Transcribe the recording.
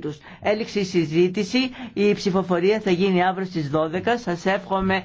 τους. Έληξε η συζήτηση, η ψηφοφορία θα γίνει αύριο στις 12. Σας εύχομαι